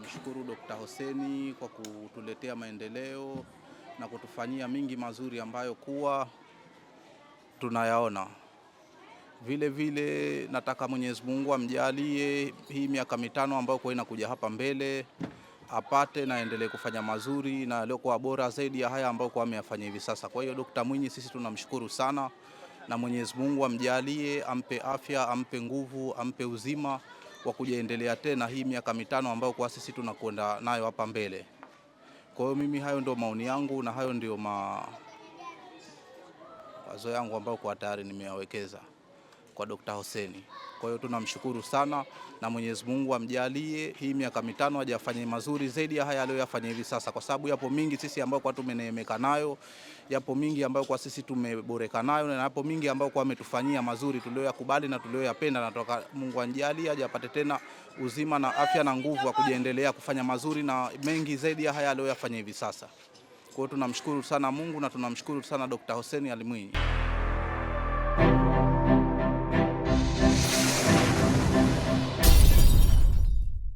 Namshukuru Dr. Hoseni kwa kutuletea maendeleo na kutufanyia mingi mazuri ambayo kuwa tunayaona. Vile vile nataka Mwenyezi Mungu amjalie hii miaka mitano ambayo kwa inakuja hapa mbele apate na endelee kufanya mazuri na aliyokuwa bora zaidi ya haya ambayo kwa ameyafanya hivi sasa. Kwa hiyo Dr. Mwinyi sisi tunamshukuru sana na Mwenyezi Mungu amjalie, ampe afya, ampe nguvu, ampe uzima wa kujaendelea tena hii miaka mitano ambayo kwa sisi tunakwenda nayo hapa mbele. Kwa hiyo mimi hayo ndio maoni yangu na hayo ndio mawazo yangu ambayo kwa tayari nimeyawekeza kwa Dr. Hoseni. Kwa hiyo tunamshukuru sana na Mwenyezi Mungu amjalie hii miaka mitano ajafanye mazuri zaidi ya haya aliyoyafanya hivi sasa, kwa sababu yapo mingi sisi ambayo kwa tumeneemeka nayo, yapo mingi ambayo kwa sisi tumeboreka nayo, na yapo mingi ambayo kwa ametufanyia mazuri tuliyoyakubali na tuliyoyapenda, na toka Mungu amjalie ajapate tena uzima na afya na nguvu ya kujiendelea kufanya mazuri na mengi zaidi ya haya aliyoyafanya hivi sasa. Kwa hiyo tunamshukuru sana Mungu na tunamshukuru sana Dr. Hossein Ali